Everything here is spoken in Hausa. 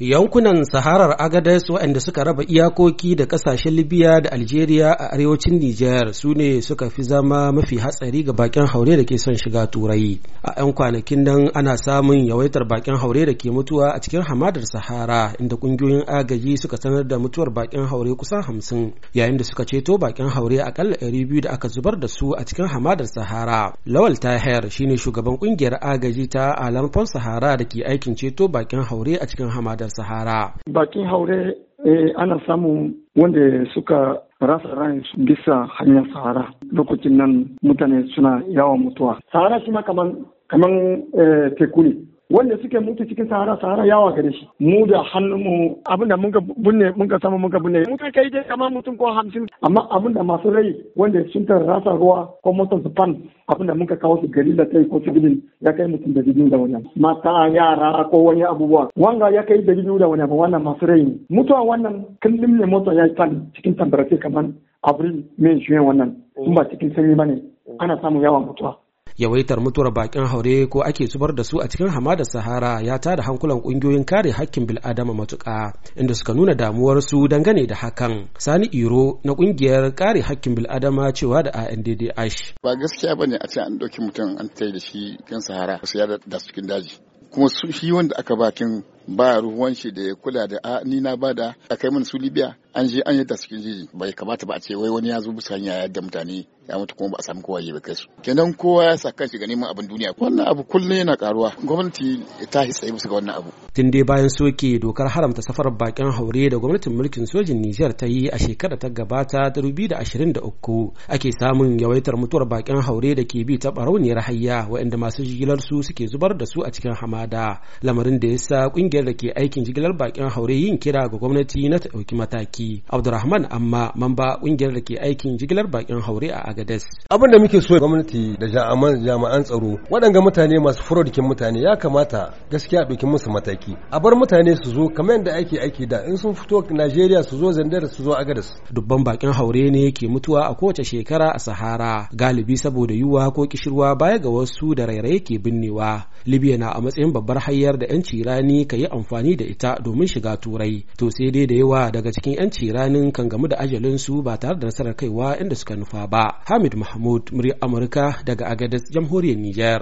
Yankunan Saharar Agadez waɗanda suka raba iyakoki da ƙasashen Libya da Algeria a arewacin Nijar su ne suka fi zama mafi hatsari ga bakin haure da ke son shiga Turai. A 'yan kwanakin nan ana samun yawaitar bakin haure da ke mutuwa a cikin hamadar Sahara inda ƙungiyoyin agaji suka sanar da mutuwar bakin haure kusan hamsin yayin da suka ceto bakin haure akalla ɗari biyu da aka zubar da su a cikin hamadar Sahara. Lawal Tahir shine shugaban ƙungiyar agaji ta Alamfon Sahara da ke aikin ceto bakin haure a cikin hamadar Sahara. Bakin haure eh, ana samun wanda suka rasa ran bisa hanyar Sahara lokacin nan mutane suna yawan mutuwa. Sahara shi ma kaman eh, teku ne. wanda suke mutu cikin sahara sahara yawa gare shi mu da hannunmu abinda muka binne sama samu ga binne mun kai dai kamar mutum ko hamsin amma abinda masu rai wanda sun ta rasa ruwa ko motsin su fan abinda ka kawo su gari da kai ko su gidin ya kai mutum da gidin da wannan mata yara ko wani abubuwa wanga ya kai da gidin da wani abu wannan masu rai ne mutuwa wannan kullum ne motar ya yi cikin tambarace kamar abril mai shi wannan kuma ba cikin sanyi bane ana samun yawan mutuwa yawaitar mutuwar bakin haure ko ake zubar da su a cikin hamada sahara ya tada hankulan kungiyoyin kare hakkin bil'adama matuka inda suka nuna damuwarsu dangane da hakan sani iro na kungiyar kare hakkin bil'adama cewa da andd ba gaskiya bane a ce an ɗauki mutum an tai da shi kan sahara su ya da cikin daji kuma shi wanda aka bakin ba ruwan shi da ya kula da a ni na bada a kai mana su libya an je an yadda cikin jiji bai kamata ba a ce wai wani ya zo bisa hanya yadda mutane ya mutu kuma ba a samu kowa ya kai su kenan kowa ya sa ga neman abin duniya wannan abu kullum yana karuwa gwamnati ta hi tsaye bisa ga wannan abu tun dai bayan soke dokar haramta safarar bakin haure da gwamnatin mulkin sojin Nijar ta yi a shekarar ta gabata ta uku ake samun yawaitar mutuwar bakin haure da ke bi ta barauniyar hayya waɗanda masu jigilar su suke zubar da su a cikin hamada lamarin da ya sa ƙungiyar ƙungiyar da ke aikin jigilar bakin haure yin kira ga gwamnati na ta ɗauki mataki abdurrahman amma mamba ƙungiyar da ke aikin jigilar bakin haure a agades abin da muke so gwamnati da jami'an tsaro waɗanga mutane masu furodikin mutane ya kamata gaskiya ɗauki musu mataki a bar mutane su zo kamar yadda ake aiki da in sun fito najeriya su zo zandar su zo agadas dubban bakin haure ne ke mutuwa a kowace shekara a sahara galibi saboda yiwuwa ko kishirwa baya ga wasu da rairaye ke binnewa libya na a matsayin babbar hayar da 'yanci rani kan yi amfani da ita domin shiga turai to sai dai da yawa daga cikin 'yanci ranin kan gamu da ajalin su ba tare da nasarar kaiwa inda suka nufa ba hamid mahmud murya amurka daga agadis jamhuriyar niger